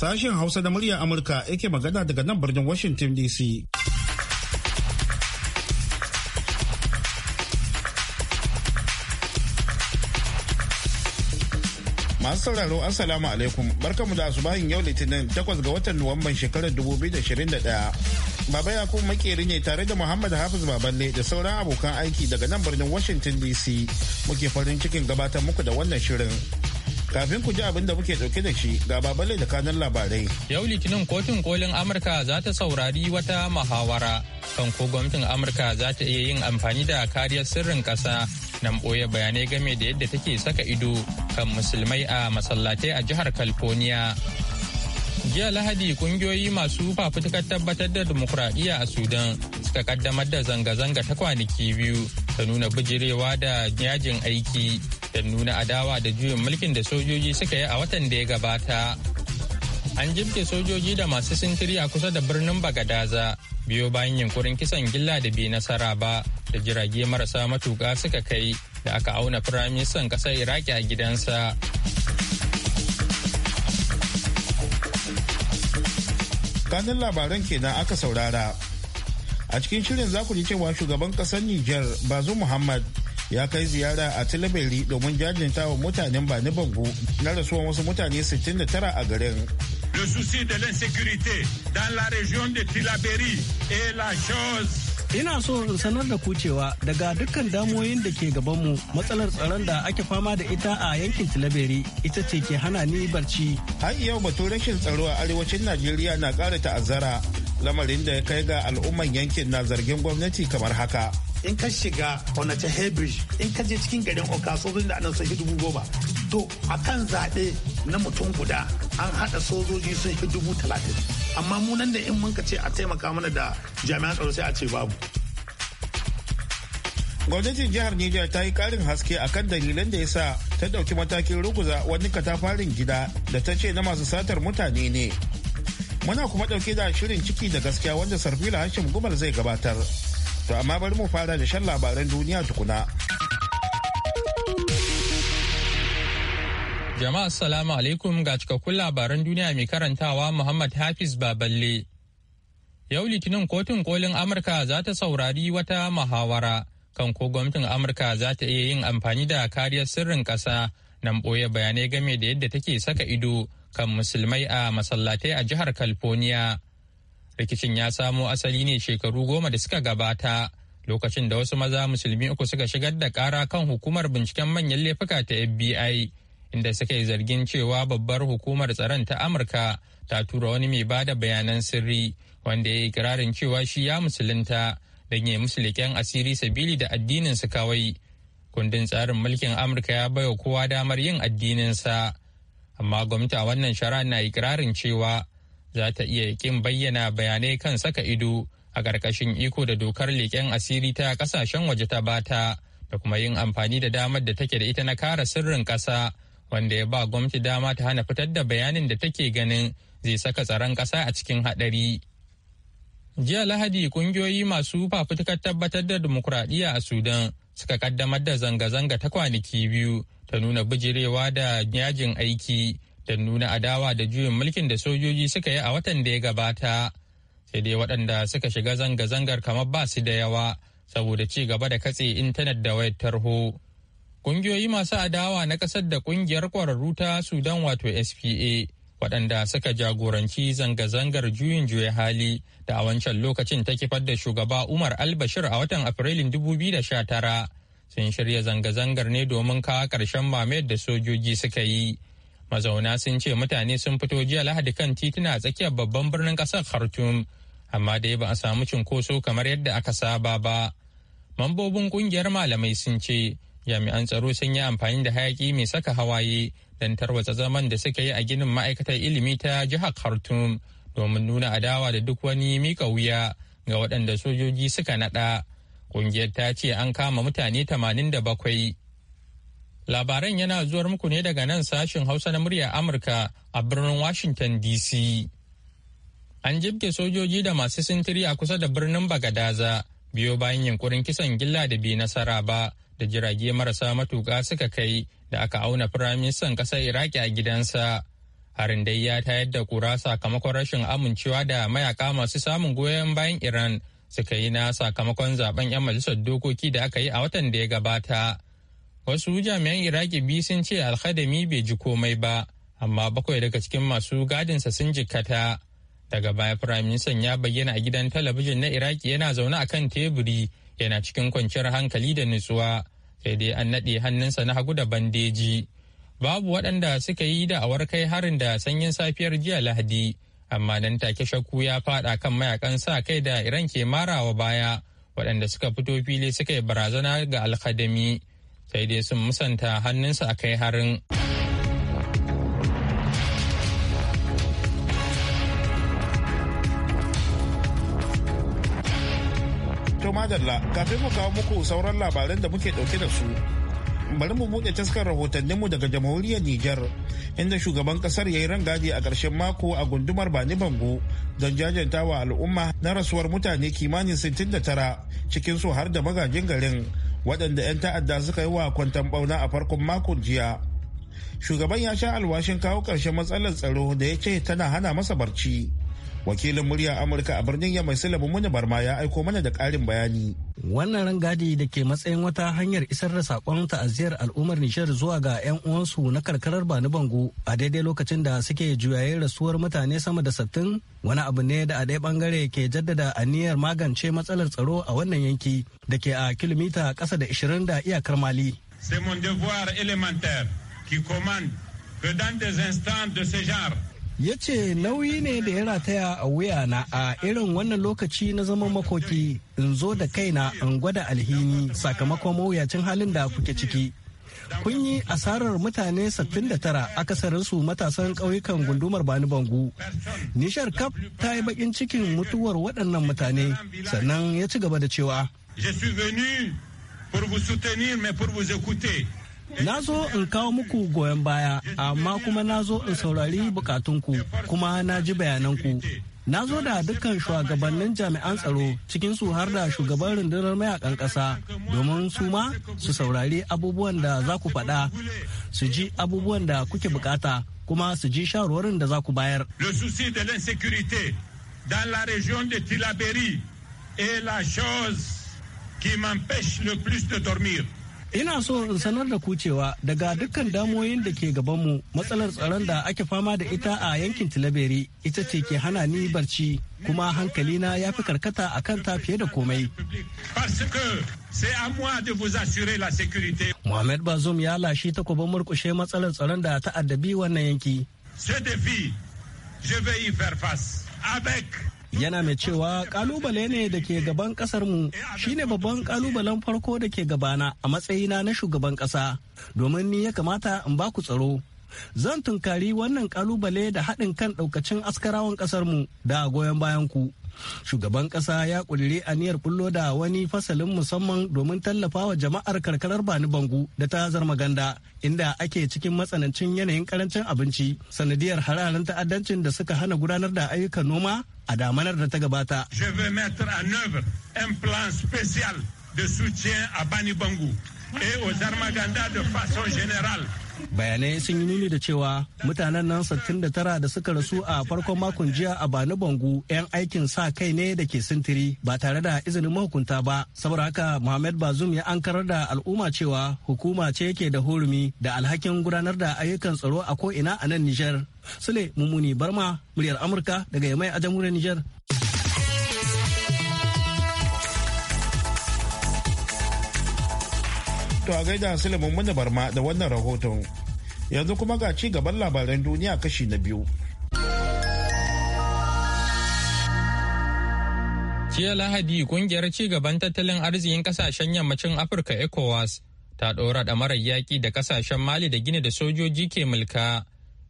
Sashen Hausa da muryar Amurka yake magana daga nan birnin Washington DC. masu sauraro assalamu alaikum barkamu da asubahin yau litinin takwas ga watan nuwamban shekarar 2021 baba ya kuma makeri ne tare da muhammad hafiz baballe da sauran abokan aiki daga nan birnin washington dc muke farin cikin gabatar muku da wannan shirin Kafin ku ji abin da muke dauke da shi ga babale da kanan labarai. Yau Litinin Kotun Kolin Amurka za ta saurari wata muhawara kan ko gwamnatin Amurka za ta iya yin amfani da kariyar sirrin kasa na ɓoye bayanai game da yadda take saka ido kan musulmai a masallatai a jihar California. jiya lahadi kungiyoyi masu fafutukar tabbatar da demokuraɗiyya a sudan suka kaddamar da zanga-zanga ta kwanaki biyu ta nuna bijirewa da yajin aiki don nuna adawa da juyin mulkin da sojoji suka yi a watan da ya gabata. An jibge sojoji da masu sintiri a kusa da birnin Bagadaza biyo bayan yunkurin kisan gilla da bai nasara ba da jirage marasa matuƙa suka kai da aka auna firaministan ƙasar Iraki a gidansa. Kanin labaran kenan aka saurara. A cikin shirin za ku ji cewa shugaban ƙasar Nijar Bazu Muhammad ya kai ziyara a tilibiri domin jajinta wa mutanen bani bango na rasuwan wasu mutane 69 a garin Le souci de l'insécurité dans la région de Tilaberi est la chose ina so in sanar da ku cewa daga dukkan damoyin da ke gaban mu matsalar tsaron da ake fama da ita a yankin tilaberi ita ce ke hana ni barci har yau batun rashin tsaro a arewacin najeriya na ƙara ta'azzara lamarin da ya kai ga al'umman yankin na zargin gwamnati kamar haka in ka shiga onata hebrish in ka je cikin garin oka sojojin da anan sun fi dubu goma to a kan zaɓe na mutum guda an haɗa sojoji sun fi dubu talatin amma mu da in mun ka ce a taimaka mana da jami'an tsaro sai a ce babu gwamnatin jihar Nijar ta yi karin haske akan dalilan da ya sa ta ɗauki matakin ruguza wani katafarin gida da ta ce na masu satar mutane ne. Muna kuma ɗauke da shirin ciki da gaskiya wanda Sarfila Hashim Gumal zai gabatar. To amma bari mu fara da shan labaran duniya tukuna. Jama'a as-salamu alaikum ga cikakkun labaran duniya mai karantawa Muhammad Hafiz Baballe. Yau Litinin Kotun Kolin Amurka za ta saurari wata muhawara kan ko gwamnatin Amurka za ta iya yin amfani da kariyar sirrin ƙasa nan ɓoye bayanai game da yadda take saka ido kan musulmai a masallatai a jihar California. rikicin ya samo asali ne shekaru goma da suka gabata lokacin da wasu maza musulmi uku suka shigar da kara kan hukumar binciken manyan laifuka ta fbi inda suka yi zargin cewa babbar hukumar tsaron ta amurka ta tura wani mai ba da bayanan sirri wanda ya yi kirarin cewa shi ya musulunta don ya musu leƙen asiri sabili da addininsa kawai kundin tsarin mulkin amurka ya baiwa kowa damar yin addininsa amma gwamnati a wannan shara na ikirarin cewa za ta iya kin bayyana bayanai kan saka ido a ƙarƙashin iko da dokar leƙen asiri ta ƙasashen waje ta bata da kuma yin amfani da damar da take da ita na kara sirrin ƙasa wanda ya ba gwamnati dama ta hana fitar da bayanin da take ganin zai saka tsaron ƙasa a cikin haɗari. Jiya Lahadi kungiyoyi masu fafutukar tabbatar da dimokuraɗiyya a Sudan suka kaddamar da zanga-zanga ta kwanaki biyu ta nuna bijirewa da yajin aiki don nuna adawa da juyin mulkin da sojoji suka yi a watan da ya gabata sai dai waɗanda suka shiga zanga-zangar kamar ba su da yawa saboda ci gaba da katse intanet da wayar tarho ƙungiyoyi masu adawa na ƙasar da ƙungiyar ƙwararru ta sudan wato spa waɗanda suka jagoranci zanga-zangar juyin juya hali da a wancan lokacin ta kifar da shugaba umar albashir a watan afrilun tara sun shirya zanga-zangar ne domin kawo ƙarshen mamayar da sojoji suka yi mazauna sun ce mutane sun fito jiya lahadi kan tituna a tsakiyar babban birnin kasar khartoum amma dai ba a samu cunkoso kamar yadda aka saba ba mambobin kungiyar malamai sun ce jami'an tsaro sun yi amfani da hayaki mai saka hawaye don tarwatsa zaman da suka yi a ginin ma'aikatar ilimi ta jihar khartoum domin nuna adawa da duk wani mika wuya ga waɗanda sojoji suka naɗa ƙungiyar ta ce an kama mutane tamanin da bakwai. Labaran yana zuwar muku ne daga nan sashen Hausa na murya Amurka a birnin Washington DC. An jibge sojoji da masu sintiri a kusa da birnin Bagadaza biyo bayan yunkurin kisan gilla da bi nasara ba da jirage marasa matuƙa suka kai da aka auna firaministan ƙasar Iraki a gidansa. Harin dai ya tayar da kura sakamakon rashin amincewa da mayaka masu samun goyon bayan Iran suka yi na sakamakon zaben 'yan majalisar dokoki da aka yi a watan da ya gabata. wasu jami'an iraki biyu sun ce alkhadami bai ji komai ba amma bakwai daga cikin masu gadinsa sun jikkata daga baya firaministan ya bayyana a gidan talabijin na iraki yana zaune a kan teburi yana cikin kwanciyar hankali da nutsuwa sai dai an naɗe hannunsa na hagu da bandeji babu waɗanda suka yi da'awar kai harin da sanyin safiyar jiya lahadi amma nan take shakku ya faɗa kan mayakan sa kai da iran ke marawa baya waɗanda suka fito fili suka yi barazana ga alkadami sai dai sun musanta hannunsu a kai harin. To madalla kafin mu kawo muku sauran labaran da muke dauke da su. Bari mu buɗe taskar rahotanninmu daga jamhuriyar Nijar inda shugaban ƙasar ya yi rangadi a ƙarshen mako a gundumar Bani Bango don jajanta wa al'umma na rasuwar mutane kimanin 69 cikinsu har da magajin garin waɗanda 'yan ta'adda suka yi wa kwantan ɓauna a farkon makon jiya shugaban ya sha alwashin kawo ƙarshen matsalar tsaro da ya ce tana hana masa barci wakilin murya amurka a birnin yamai silabu muni barma ya aiko mana da karin bayani wannan rangadi da ke matsayin wata hanyar isar da sakon ta'aziyar al'ummar nishar zuwa ga 'yan uwansu na karkarar bani bango a daidai lokacin da suke juyayen rasuwar mutane sama da sattin wani abu ne da a ɗaya bangare ke jaddada a niyyar magance matsalar tsaro a wannan yanki da ke a kilomita ƙasa da 20 da iyakar mali C'est mon devoir élémentaire qui commande que dans des instants de ce genre, ya ce nauyi ne da ya rataya a wuyana a irin wannan lokaci na zaman makoki in zo da kaina in gwada alhini sakamakon mawuyacin halin da kuke ciki kun yi asarar mutane 69 su matasan ƙauyukan gundumar bani bangu nishar kaf ta yi bakin cikin mutuwar waɗannan mutane sannan ya ci gaba da cewa je suis venu pour vous soutenir Na zo in kawo muku goyon baya, amma kuma na zo in saurari bukatunku kuma na ji bayananku. Na zo da dukkan shugabannin jami'an tsaro cikinsu har da shugaban rundunar mayakan ƙasa domin su ma su saurari abubuwan da za ku faɗa, su ji abubuwan da kuke bukata kuma su ji shawarwarin da za ku bayar. Le souci de l'insécurité dans la région de Tilaberi est la chose qui m'empêche le plus de dormir. Ina so in sanar da ku cewa daga dukkan damoyin da ke gabanmu matsalar tsaron da ake fama da ita a yankin Tilaberi ita ce ke hana ni barci kuma hankalina ya fi karkata a kan ta fiye da komai. Mohamed Bazoum ya lashe takwabar murkushe matsalar tsaron da ta'addabi wannan yanki. Ce défi, je vais y faire face avec yana mai cewa kalubale ne da ke gaban kasarmu shine babban kalubalen farko da ke gabana a matsayina na shugaban kasa domin ni ya kamata in ba ku tsaro zan tunkari wannan kalubale da haɗin kan ɗaukacin askarawan kasarmu da goyon bayan ku Shugaban kasa ya a aniyar kullo da wani fasalin musamman domin tallafa wa jama'ar karkarar Bani Bangu da ta Zarmaganda inda ake cikin matsanancin yanayin karancin abinci sanadiyar hararen ta'addancin da suka hana gudanar da ayyukan noma a damanar da ta gabata. Je mettre plan spécial de soutien à Bani bango et aux Armaganda de façon générale bayanai sun yi nuni da cewa mutanen nan 69 da suka rasu a farkon makon jiya a bani bangu 'yan aikin sa kai ne da ke sintiri ba tare da izinin mahukunta ba saboda haka muhammad bazum ya ankarar da al'umma cewa hukuma ce yake da hurumi da alhakin gudanar da ayyukan tsaro a ko ina a nan nijar sule mummuni barma muryar amurka daga yamai a jamhuriyar nijar To a gaida Suleiman Muna Barma da wannan rahoton. Yanzu kuma ga ci gaban labaran duniya kashi na biyu. Jiya Lahadi kungiyar ci gaban tattalin arzikin kasashen yammacin Afirka ECOWAS ta ɗora ɗamarar yaƙi da kasashen Mali da Gini da sojoji ke mulka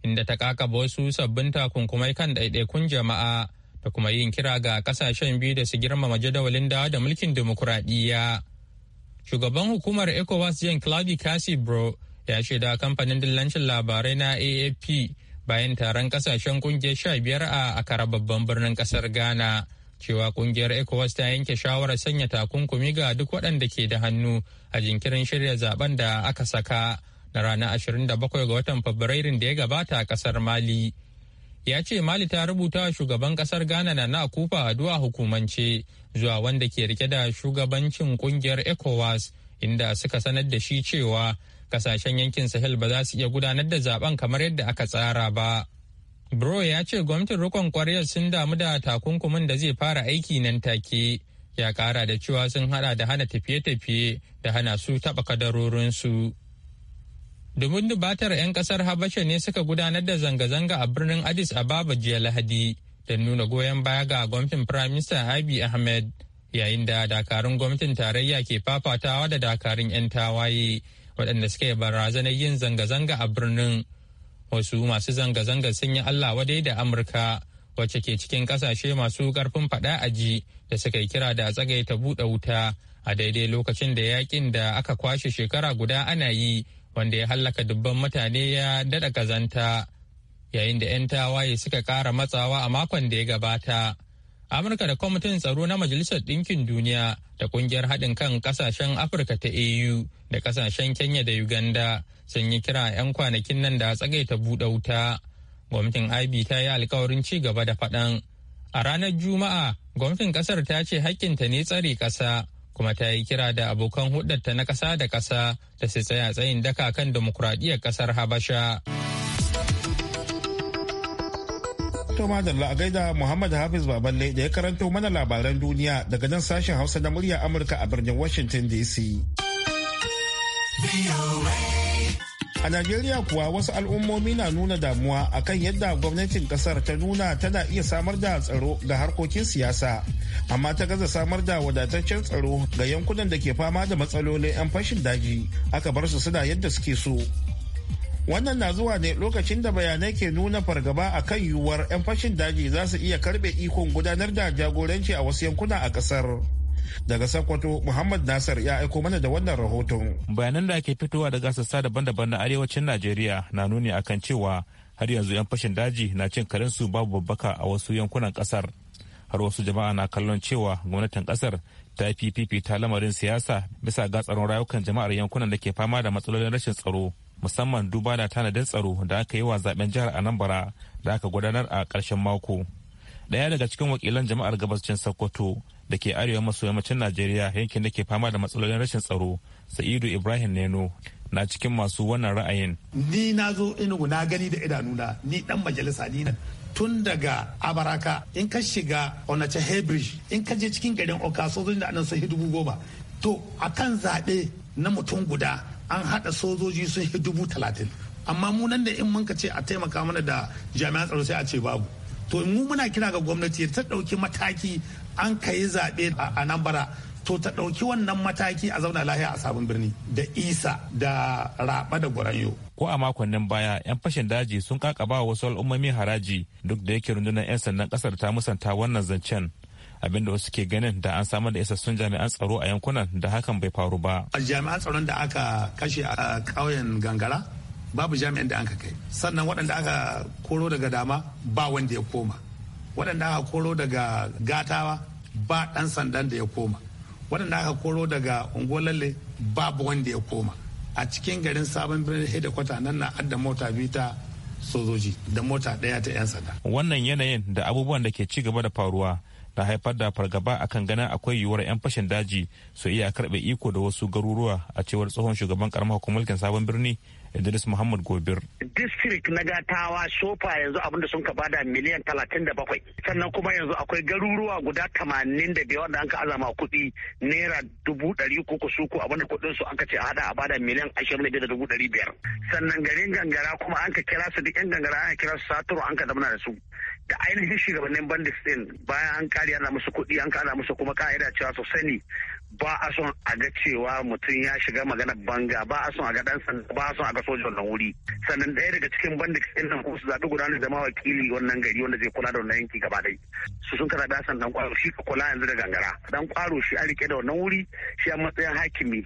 inda ta kakaba wasu sabbin takunkumai kan ɗaiɗaikun jama'a da kuma yin kira ga kasashen biyu da su girmama jadawalin dawa da mulkin dimokuraɗiyya. Shugaban hukumar ECOWAS Jean Clavi casibro Bro ya shaida kamfanin dillancin labarai na AAP bayan taron kasashen kungiyar 15 a akara babban birnin kasar Ghana cewa kungiyar ECOWAS ta yanke shawarar sanya takunkumi ga duk waɗanda ke da hannu a jinkirin shirya zaben da aka saka na ranar 27 ga watan Fabrairun da ya gabata a kasar Mali. ya ce mali ta rubuta wa shugaban kasar ghana na na kufa a addu'a hukumance zuwa wanda ke rike da shugabancin kungiyar ecowas inda suka sanar da shi cewa kasashen yankin sahel ba za su iya gudanar da zaben kamar yadda aka tsara ba bro ya ce gwamnatin rukun kwaryar sun damu da takunkumin da zai fara aiki nan take ya kara da cewa sun hada da hana tafiye-tafiye da hana su taɓa kadarorinsu. su domin dubatar 'yan kasar habasha ne suka gudanar da zanga-zanga a birnin addis ababa jiya lahadi da nuna goyon baya ga gwamnatin firaminista abiy ahmed yayin da dakarun gwamnatin tarayya ke fafatawa da dakarun 'yan tawaye waɗanda suka yi barazanar yin zanga-zanga a birnin wasu masu zanga-zanga sun yi allah wadai da amurka wacce ke cikin kasashe masu karfin faɗa aji da suka yi kira da tsagaita buɗe wuta a daidai lokacin da yakin da aka kwashe shekara guda ana yi wanda ya hallaka dubban mutane ya daɗa kazanta yayin da 'yan tawaye suka ƙara matsawa a makon da ya gabata. Amurka da kwamitin tsaro na Majalisar Ɗinkin Duniya da ƙungiyar haɗin kan ƙasashen Afirka ta AU da ƙasashen Kenya da Uganda sun yi kira 'yan kwanakin nan da tsagaita buɗe wuta. Gwamnatin IB ta yi alkawarin ci gaba da faɗan. A ranar Juma'a, gwamnatin ƙasar ta ce haƙƙinta ne tsare ƙasa kuma ta yi kira da abokan hudarta na ƙasa da ƙasa da su tsaya tsayin daka kan demokuraɗiyyar ƙasar habasha to madalla a gaida muhammad hafiz baballe da ya karanto mana labaran duniya daga nan sashen hausa na murya amurka a birnin washington dc A Najeriya kuwa wasu al'ummomi na nuna damuwa akan yadda gwamnatin kasar ta nuna tana iya samar da tsaro ga harkokin siyasa, amma ta gaza samar da wadataccen tsaro ga yankunan da ke fama da matsalolin 'yan fashin daji aka bar su suna yadda suke so. Wannan na zuwa ne lokacin da bayanai ke nuna fargaba a kan yiwuwar 'yan fashin daji za su iya karɓe ikon gudanar da jagoranci a wasu yankuna a ƙasar. Daga Sokoto, Muhammad Nasir ya aiko mana da wannan rahoton. Bayanan da ake fitowa daga sassa daban-daban na arewacin Najeriya na nuni akan cewa har yanzu 'yan fashin daji na cin karensu babu babbaka a wasu yankunan kasar. Har wasu jama'a na kallon cewa gwamnatin kasar ta fi ta lamarin siyasa bisa ga tsaron rayukan jama'ar yankunan da ke fama da matsalolin rashin tsaro. musamman duba na tanadin tsaro da aka yi wa zaben jihar anambra da aka gudanar a karshen mako. Daya daga cikin wakilan jama'ar gabashin Sokoto da ke arewa maso yammacin najeriya yankin da ke fama da matsalolin rashin tsaro sa'idu ibrahim neno na cikin masu wannan ra'ayin ni na zo inugu na gani da idanuna ni dan majalisa ni nan tun daga abaraka in ka shiga onace hebridge in ka je cikin garin oka sojoji da anan sai dubu goma to a kan zaɓe na mutum guda an haɗa sojoji sun yi dubu talatin amma mu nan da in mun ka ce a taimaka mana da jami'an tsaro sai a ce babu to mu muna kira ga gwamnati ta ɗauki mataki an ka yi zaɓe a anambara to ta ɗauki wannan mataki a zauna lahiya a sabon birni da isa da raba da gwaranyo. ko a makonnin baya 'yan fashin daji sun kakaba wasu al'ummomi haraji duk da yake rundunar 'yan sannan kasar ta musanta wannan zancen abinda wasu ke ganin da an samar da isassun jami'an tsaro a yankunan da hakan bai faru ba. A jami'an tsaron da aka kashe a ƙauyen gangara babu jami'an da an kai sannan waɗanda aka koro daga dama ba wanda ya koma waɗanda aka koro daga gatawa ba ɗan sandan da ya koma waɗanda aka koro daga ungolalle babu wanda ya koma a cikin garin sabon birnin hedikwata nan na adda mota biyu ta sojoji da mota ɗaya ta 'yan sanda wannan yanayin da abubuwan da ke ci gaba da faruwa ta haifar da fargaba akan ganin akwai yiwuwar 'yan fashin daji su iya karbe iko da wasu garuruwa a cewar tsohon shugaban karamar hukumulkin sabon birni Idris Muhammad Gobir. District na Gatawa Sofa yanzu abinda sun ka bada miliyan talatin da bakwai. Sannan kuma yanzu akwai garuruwa guda tamanin da biyar da an ka azama kuɗi naira dubu ɗari ko suku abinda kuɗin su an ka ce a hada a bada miliyan ashirin da Sannan garin gangara kuma an ka kira su duk 'yan gangara an ka kira su saturo an ka damna da su. da ainihin shugabannin bandits din bayan an kare ana musu kuɗi an kana musu kuma ka'ida cewa su sani ba a son a ga cewa mutum ya shiga magana banga ba a son a ga dan sanda ba a son a ga sojan nan wuri sannan ɗaya daga cikin bandits din nan kuma su zaɓi gudanar da mawakili wannan gari wanda zai kula da wannan yanki gaba dai su sun kada dan dan kwaro shi ka kula yanzu da gangara dan kwaro shi a rike da wannan wuri shi a matsayin hakimi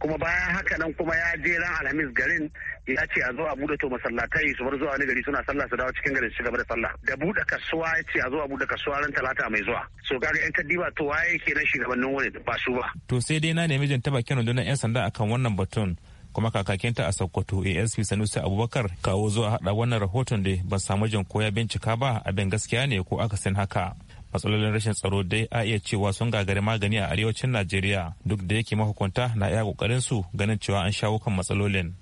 kuma bayan haka nan kuma ya je ran alhamis garin ya ce a zo a bude to masallatai su bar zuwa wani gari suna sallah su dawo cikin garin su gaba da sallah da bude kasuwa ya ce a zo a bude kasuwa ran talata mai zuwa so kaga yan kaddiba to waye kenan shugabannin wurin ba su ba to sai dai na nemi jin ta rundunar yan sanda akan wannan batun kuma kakakinta a sokoto asp sanusi abubakar kawo zuwa hada wannan rahoton da ba samu jan ko bincika ba abin gaskiya ne ko aka san haka matsalolin rashin tsaro dai a iya cewa sun gagari magani a arewacin najeriya duk da yake mahukunta na iya kokarin su ganin cewa an shawo kan matsalolin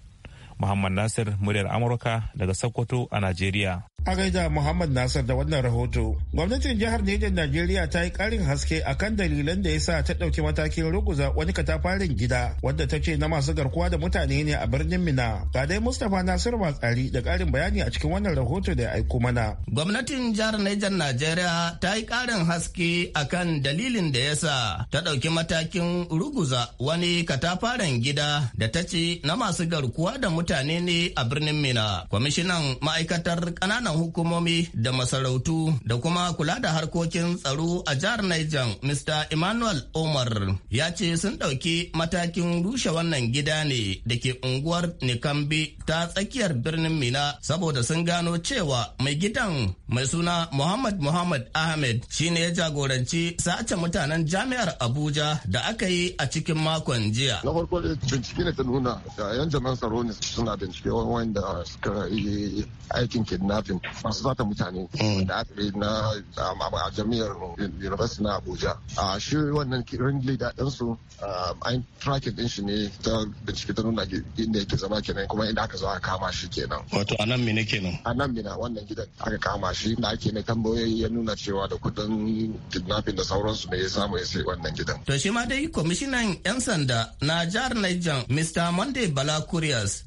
Muhammad Nasir muryar Amurka daga Sokoto a Najeriya. A gaida Muhammad Nasir da wannan rahoto. Gwamnatin jihar Nijar Najeriya ta yi karin haske akan dalilan da ya sa ta ɗauki matakin ruguza wani katafarin gida wadda ta ce na masu garkuwa da mutane ne a birnin Mina. Ga dai Mustapha Nasir Watsari da karin bayani a cikin wannan rahoto da ya aiko mana. Gwamnatin jihar Nijar Najeriya ta yi karin haske akan dalilin da ya sa ta ɗauki matakin ruguza wani katafaren gida da ta ce na masu garkuwa da mutane mutane ne a birnin Mina. Kwamishinan ma'aikatar ƙananan hukumomi da masarautu da kuma kula da harkokin tsaro a jihar Niger, Mr. Emmanuel Omar, ya ce sun ɗauki matakin rushe wannan gida ne da ke unguwar Nikambi ta tsakiyar birnin Mina saboda sun gano cewa mai gidan mai suna Muhammad Muhammad Ahmed shine ya jagoranci sace mutanen jami'ar Abuja da aka yi a cikin makon jiya. Na farko bincike ne ta nuna yan jama'an tsaro ne suna bincike wanda suka yi aikin kidnapping masu zata mutane mm. da aka yi na um, a jami'ar university na abuja a shi wannan ring leader ɗinsu um, an tracking ɗin shi ne ta bincike ta nuna inda yake zama kenan kuma inda aka zo aka kama shi kenan wato a nan mina kenan a nan mina wannan gidan aka kama shi da ake na tambayoyi ya nuna cewa da kudin kidnapping da sauransu ne ya samu ya sai wannan gidan to shi ma dai kwamishinan yan sanda na jihar Niger Mr. Monday Bala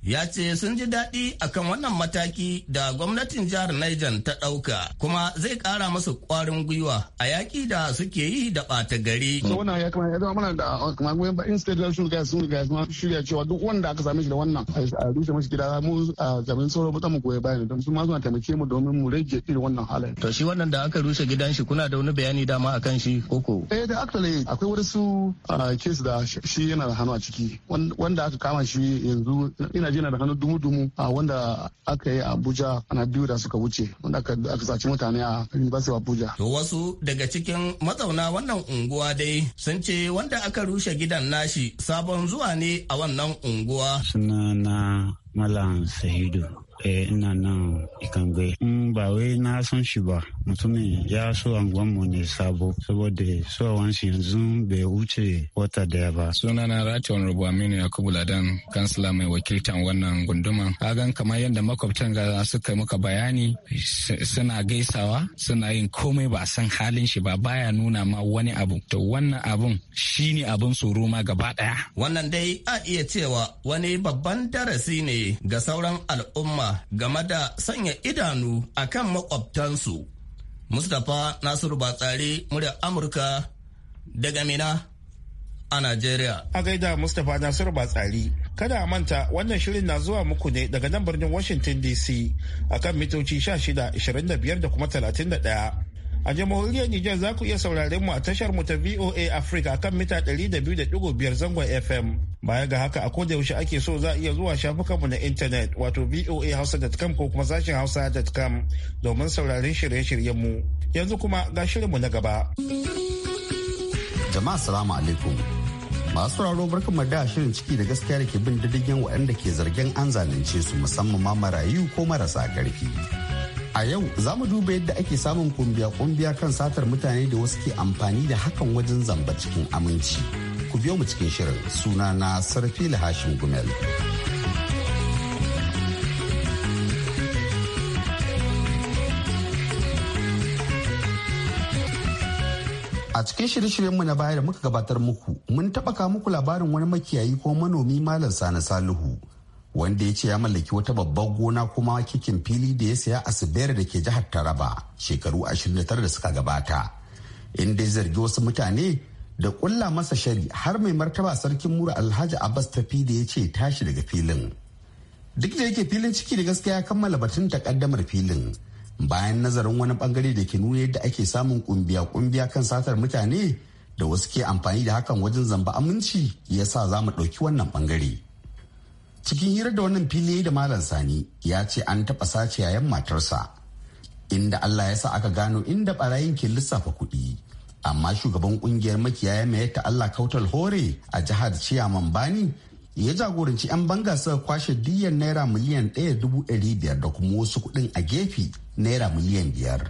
ya ya ce sun ji daɗi akan wannan mataki da gwamnatin jihar Niger ta ɗauka kuma zai ƙara masu ƙwarin gwiwa a yaƙi da suke yi da ɓata gari. So wannan ya kama ya zama mana da uh, kamar goyon ba state election guys sun riga ma shirya cewa duk wanda aka same shi da wannan a rushe mashi gida mu a jami'in sauro mutan mu goye bayani don su ma suna taimake mu domin mu rage irin wannan halin. To shi wannan da aka rushe gidan shi kuna da wani bayani dama akan shi koko? Eh da actually akwai wasu kes uh, da shi yana da hannu a ciki wanda aka kama shi yanzu ina jina da dumu-dumu a wanda aka yi a Abuja ana biyu da suka wuce wanda aka saci mutane a University of Abuja. To wasu daga cikin mazauna wannan unguwa dai sun ce wanda aka rushe gidan nashi sabon zuwa ne a wannan unguwa. Suna na Malam Sahidu. Eh, ina nan ikangwe in mm, ba wai na san shi ba mutumin ya so mu ne sabo saboda wan shi yanzu bai wuce wata daya ba sunana rati honorable aminu kubula dan kansila mai wakiltan wannan gunduma kagan kamar yadda makwabtan ga suka muka bayani suna gaisawa suna yin komai ba san halin shi ba baya nuna ma wani abu to wannan abun shine abun tsoro ma gaba daya wannan dai a iya cewa wani babban darasi ne ga sauran al'umma game da sanya idanu a kan makwabtansu. Mustapha Nasiru Batsari murya Amurka daga Mina a Najeriya. A gaida Mustapha Nasiru Batsari. Kada a manta wannan shirin na zuwa muku ne daga nan birnin Washington DC kan mitoci 16, 25 da kuma 31. A jamhuriyar Nijar za ku iya sauraren mu a tashar mu ta VOA Africa kan mita 200.5 zangon FM. Baya ga haka a koda yaushe ake so za iya zuwa mu na intanet wato voahausa.com ko kuma sashen hausa.com domin sauraren shirye-shiryen mu. Yanzu kuma ga shirinmu na gaba. Jama'a salamu alaikum. Masu sauraro barkan da shirin ciki da gaskiya da ke bin diddigin waɗanda ke zargin an zalunce su musamman ma marayu ko marasa ƙarfi. A yau za mu duba yadda ake samun kumbiya-kumbiya kan satar mutane da wasu ke amfani da hakan wajen zamba cikin aminci. Ku biyo mu cikin shirin suna na Sarfila Hashim Gumel. a cikin shirye-shiryenmu na baya da muka gabatar muku mun taɓa ka muku labarin wani makiyayi ko manomi malam sani salihu wanda ya ce ya mallaki wata babbar gona kuma kikin fili da ya saya a Sibiyar da ke jihar Taraba shekaru 29 da suka gabata. Inda ya zargi wasu mutane da kulla masa shari har mai martaba sarkin mura Alhaji Abbas tafi da ya ce tashi daga filin. Duk da yake filin ciki da gaskiya ya kammala batun takaddamar filin bayan nazarin wani bangare da ke nuna yadda ake samun kumbiya-kumbiya kan satar mutane da wasu ke amfani da hakan wajen zamba aminci ya sa za mu ɗauki wannan bangare. cikin hirar da wannan fili da malam sani ya ce an taɓa sace yayan matarsa inda allah ya sa aka gano inda barayin ke lissafa kuɗi amma shugaban kungiyar makiyaya mai ta allah kautal hore a jihar ciyaman bani ya jagoranci 'yan banga suka kwashe diyyar naira miliyan ɗaya dubu ɗari biyar da kuma wasu kuɗin a gefe naira miliyan biyar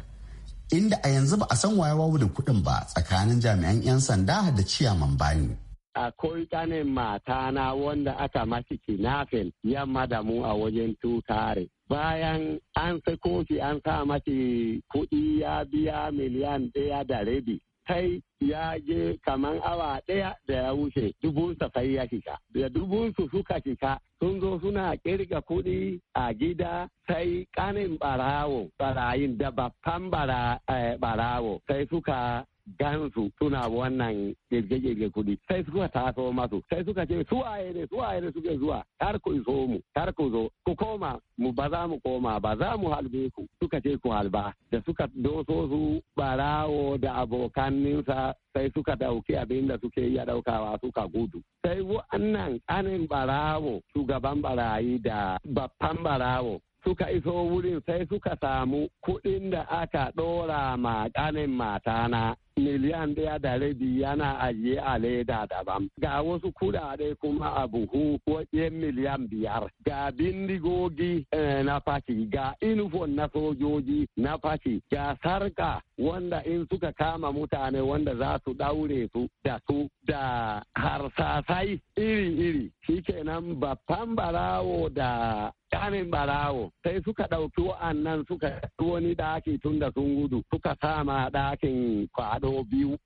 inda a yanzu ba a san wayawa da kuɗin ba tsakanin jami'an 'yan sanda da ciyaman bani. akwai mata matana wanda aka maki kinafin yamma da mu a wajen tutare. Bayan an sako kofi an sa maki kuɗi ya biya miliyan ɗaya da rabi. Kai ya je kaman awa ɗaya da ya wuce dubunsa sai ya shiga. Da dubunsu suka shiga sun zo suna kirga kuɗi a gida sai ƙanin barawo barayin da babban barawo eh, sai suka gansu suna wannan girge-girge kudi sai suka taso masu sai suka ce su ne su ne suke zuwa har ku iso mu har ku zo ku koma mu ba za mu koma ba za mu halbe ku suka ce ku halba da suka doso su barawo da abokaninsa sai suka dauki abin da suke iya daukawa suka gudu sai wa'annan anin barawo shugaban barayi da babban barawo suka iso wurin sai suka samu kuɗin da aka ɗora ma ƙanin na. miliyan ɗaya da rabi yana ajiye a leda daban ga wasu kuɗaɗe kuma a buhu wajen miliyan biyar ga bindigogi eh, na faki. ga inufon na sojoji na faki. ga sarka wanda in suka kama mutane wanda za su ɗaure su da su da harsasai iri-iri shikenan babban barawo da kanin barawo sai suka ɗauki wa'annan suka wani ɗaki tun da sun gudu suka sama ɗakin faɗo. não ouviu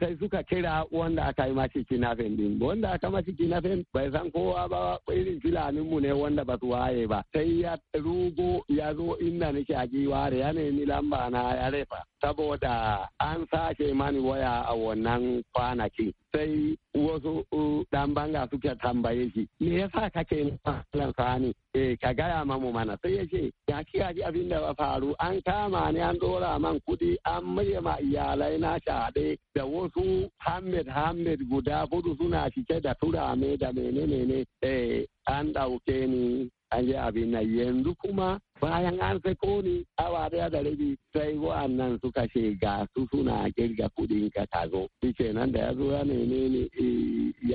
sai suka kira wanda aka yi mashi kinafin din wanda aka mashi kinafin bai san kowa ba irin filanin mu ne wanda ba su waye ba sai ya rugo ya zo inda nake a giware ya nemi lamba na ya refa saboda an sake mani waya a wannan kwanaki sai wasu dan banga suka tambaye shi me yasa kake nan sani eh ka gaya mamu mana sai ya ce ya kiya ji abin da faru an kama ni an dora man kudi an maye ma iyalai na shaɗe da wasu Hamed Hamed guda hudu suna cike da turame da menene eh, an ɗauke ni an yi abin nan yanzu kuma bayan an sako ni awa daya da rabi sai wa'annan suka ce ga su suna kirga kuɗin ka ka Shi kenan da ya zo ya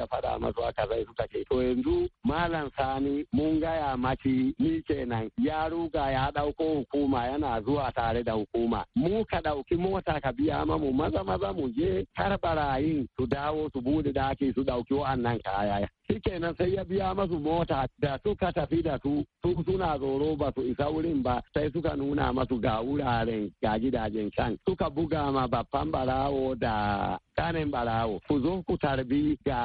muka faɗa masu haka zai suka ke to yanzu malam sani mun gaya mati ni kenan ya ruga ya ɗauko hukuma yana zuwa tare da hukuma mu ka ɗauki mota ka biya mamu maza maza mu je kar barayin su dawo su bude daki su ɗauki wa'annan kaya shikenan sai ya biya masu mota da suka tafi da su su suna tsoro ba su isa wurin ba sai suka nuna masu ga wuraren ga gidajen can suka buga ma babban barawo da kanin barawo ku zo ku tarbi ga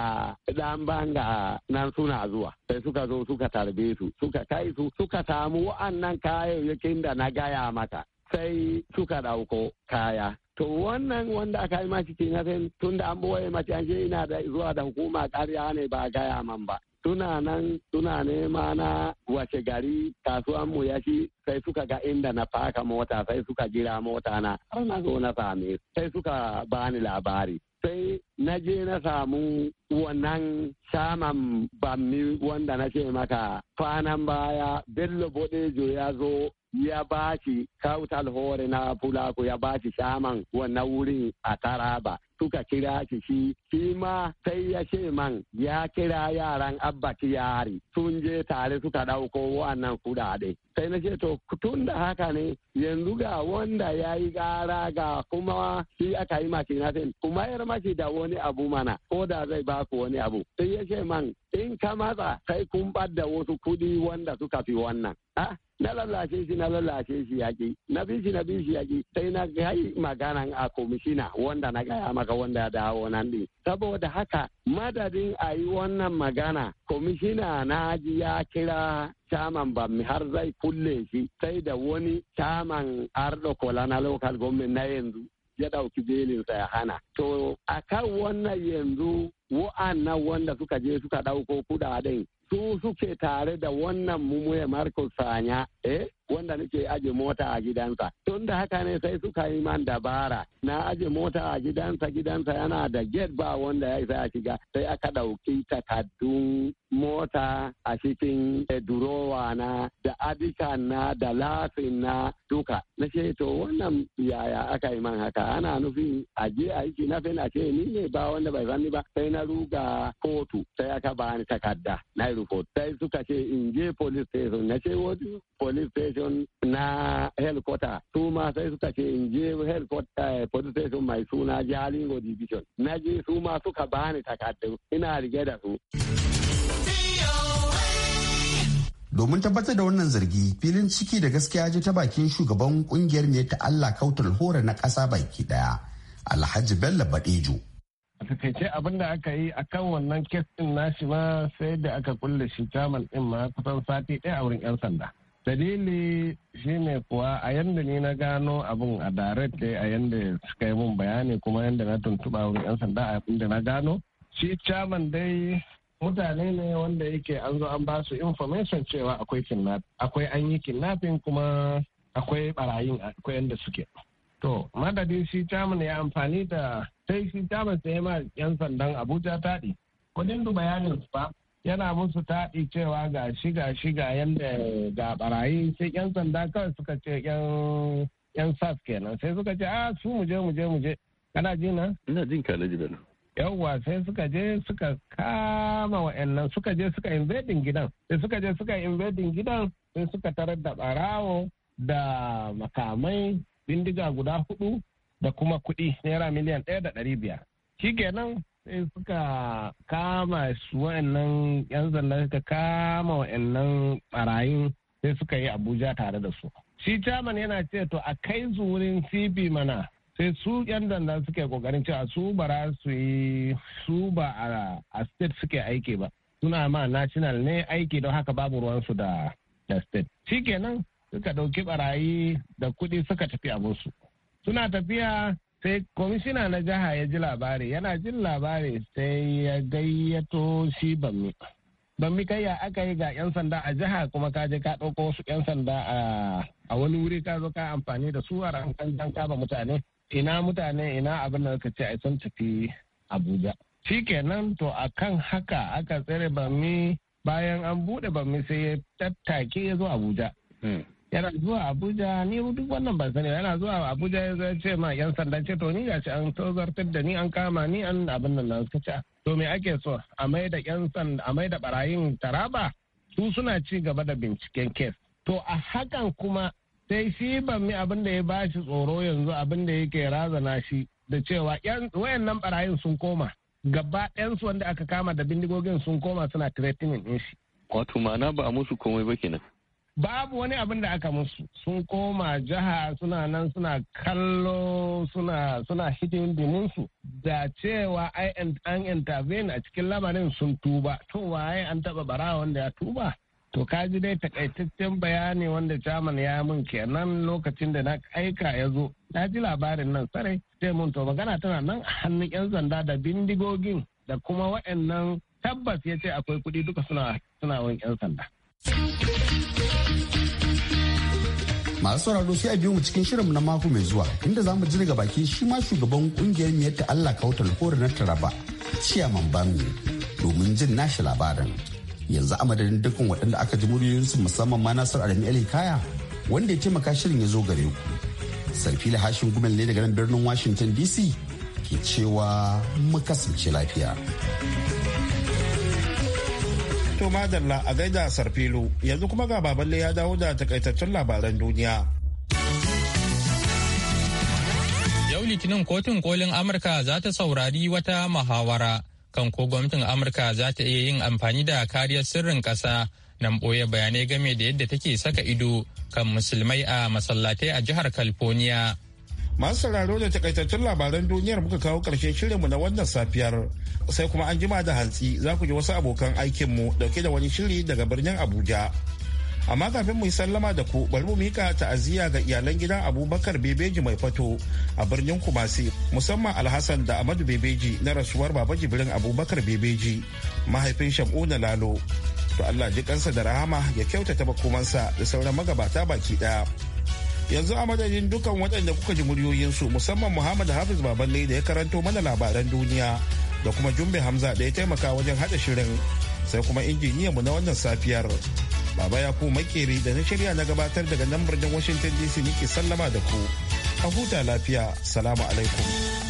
dan banga nan suna zuwa sai suka zo suka tarbe su suka kai su suka samu wa'annan kayayyakin da na gaya maka sai suka ɗauko kaya to wannan wanda aka yi mace ke na tun da an boye mace an ina da zuwa da hukuma karya ne ba gaya man ba tuna nan tuna ne ma na wace gari kasuwan mu ya shi sai suka ga inda na faka mota sai suka gira mota na har na zo na same sai suka bani labari sai na je na samu wannan shaman bammi wanda na ce maka kwanan baya bello bodejo ya zo ya ba shi kautal hore na fulaku ya ba shi shaman wannan wurin a taraba suka kira shi shi shi ma sai ya ce man ya kira yaran abba yari sun je tare suka dauko wannan kudade sai na ce to tun da haka ne yanzu ga wanda ya yi gara ga kuma shi aka yi maki na kuma yar maki da wani abu mana ko da zai ba ku wani abu sai ya ce man in ka matsa kai kun da wasu kuɗi wanda suka fi wannan na lalace shi na lalace shi yaki na bi shi na bi shi sai na kai maganan a komishina wanda na gaya maka ga wanda da wannan din saboda haka madadin a yi wannan magana komishina na ji ya kira caman bammi har zai kulle shi sai da wani caman ardo kola na local government na yanzu ya ɗauki sa ya hana. To a kan wannan yanzu wa'annan wanda suka je suka ɗauko kudaden su suke tare da wannan mumuye Marcus Sanya eh wanda nake aje mota a gidansa tun da haka ne sai suka yi man dabara na aje mota a gidansa gidansa yana da gate ba wanda ya isa a shiga sai aka ɗauki takardun mota a cikin eh, durowa na da adika na da lafin na duka na ce to wannan yaya aka yi man haka ana nufin aje aiki na fina ce ni ne ba wanda bai sani ba sai na ruga kotu sai aka bani takarda na yi report sai suka ce in je police station na ce wani police station station na helicopter su ma sai suka ce in je helicopter eh, police station mai suna jalingo division na je su ma suka bani takardu ina rige da su domin tabbatar da wannan zargi filin ciki da gaskiya ji ta bakin shugaban kungiyar ne ta Allah kautar hora na kasa baki daya alhaji bello badejo a takaice abin da aka yi a kan wannan kes nashi ma sai da aka kulle shi jamal din ma kusan sati ɗaya a wurin 'yan sanda dalili shine kuwa a yadda ni na gano abin a direct dai a yadda suka yi mun bayani kuma yadda na tuntuɓa wurin 'yan sanda a yadda na gano shi chairman dai mutane ne wanda yake an zo an ba su information cewa akwai kidnap akwai an yi kidnapping kuma akwai barayin akwai yadda suke to madadi shi chairman ya amfani da sai shi chairman sai ma 'yan sandan abuja taɗi kudin du bayanin ba yana musu taɗi cewa ga shiga shiga yadda ga barayi sai yan sanda kawai suka ce yan sas kenan sai suka ce a ah, su muje muje muje kana ji na ina jin ka laji bello yawwa sai suka je suka kama wa'annan suka je suka invadin gidan sai suka je suka invadin gidan sai suka tarar da barawo da makamai bindiga guda hudu da kuma kuɗi naira miliyan ɗaya da ɗari biyar shi kenan sai suka kama su wa'annan yan zalla suka kama wa'annan barayin sai suka yi abuja tare da su shi chairman yana ce to a kai su wurin cb mana sai su yan zalla suke kokarin cewa su bara su yi su ba a state suke aiki ba suna ma national ne aiki don haka babu ruwansu da da state kenan suka dauki barayi da kuɗi suka tafi abinsu suna tafiya sai kwamishina na jiha ya ji labari yana jin labari sai ya gayyato shi bammi bammi kai ya aka yi ga 'yan sanda a jiha kuma ka je ka ɗauko wasu 'yan sanda a wani wuri ka zo ka amfani da su a kan kaba mutane ina mutane ina abin da ce a sun tafi abuja shi kenan to a kan haka aka tsere bammi bayan an buɗe bammi sai ya tattake ya zo abuja hmm. yana zuwa abuja ni duk wannan ban sani yana zuwa abuja ya zai ce ma yan sanda ce to ni gashi an tozartar da ni an kama ni an abin nan nan suka to me ake so a mai da yan sanda a mai da barayin taraba su suna ci gaba da binciken kes to a hakan kuma sai shi ban mi abin da ya bashi tsoro yanzu abin da yake razana shi da cewa yan wayannan barayin sun koma gaba ɗayansu wanda aka kama da bindigogin sun koma suna threatening din shi wato ma'ana ba a musu komai ba kenan babu wani abin da aka musu sun koma jiha suna nan suna kallo suna suna hidin su da cewa ai an intervene a cikin lamarin sun tuba to waye an taba bara wanda ya tuba to kaji dai takaitaccen bayani wanda chairman ya mun kenan lokacin da na aika ya zo na ji labarin nan sarai sai mun to magana tana nan a hannun yan zanda da bindigogin da kuma waɗannan tabbas ya ce akwai kuɗi duka suna suna yan sanda. masu sauraro sai a biyo mu cikin shirin na mako mai zuwa inda zamu mu ji daga bakin shi ma shugaban kungiyar miyar ta Allah kautal kore na taraba ciyaman bami domin jin nashi labarin yanzu a madadin dukkan waɗanda aka ji muryoyin su musamman ma nasar alami ali kaya wanda ya taimaka shirin ya zo gare ku sarfila hashin gumel ne daga nan birnin washington dc ke cewa mu kasance lafiya to madalla a gaida sarfilu yanzu kuma ga baballe ya dawo da takaitaccen labaran duniya. Yau litinin kotun kolin Amurka za ta saurari wata muhawara kan ko gwamnatin Amurka za ta iya yin amfani da kariyar sirrin ƙasa nan ɓoye bayanai game da yadda take saka ido kan musulmai a masallatai a jihar California. Masu sauraro da takaitattun labaran duniyar muka kawo shirin shirinmu na wannan safiyar. Sai kuma an jima da hantsi za ku ji wasu abokan aikinmu dauke da wani shiri daga birnin Abuja. Amma kafin mu yi sallama da ku bari mu mika ta'aziyya ga iyalan gidan Abubakar Bebeji mai fato a birnin Kumasi musamman Alhassan da Amadu Bebeji na rasuwar Baba Jibrin Abubakar Bebeji mahaifin na Lalo. To Allah ji kansa da rahama ya kyautata makomansa da sauran magabata baki ɗaya. yanzu a madadin dukan waɗanda kuka ji muryoyinsu musamman muhammad hafiz baballe da ya karanto mana labaran duniya da kuma jumbe hamza da ya taimaka wajen haɗa shirin sai kuma injiniya mu na wannan safiyar baba ya ku makeri da na shirya na gabatar daga nan birnin washington dc nike sallama da ku a huta lafiya salamu alaikum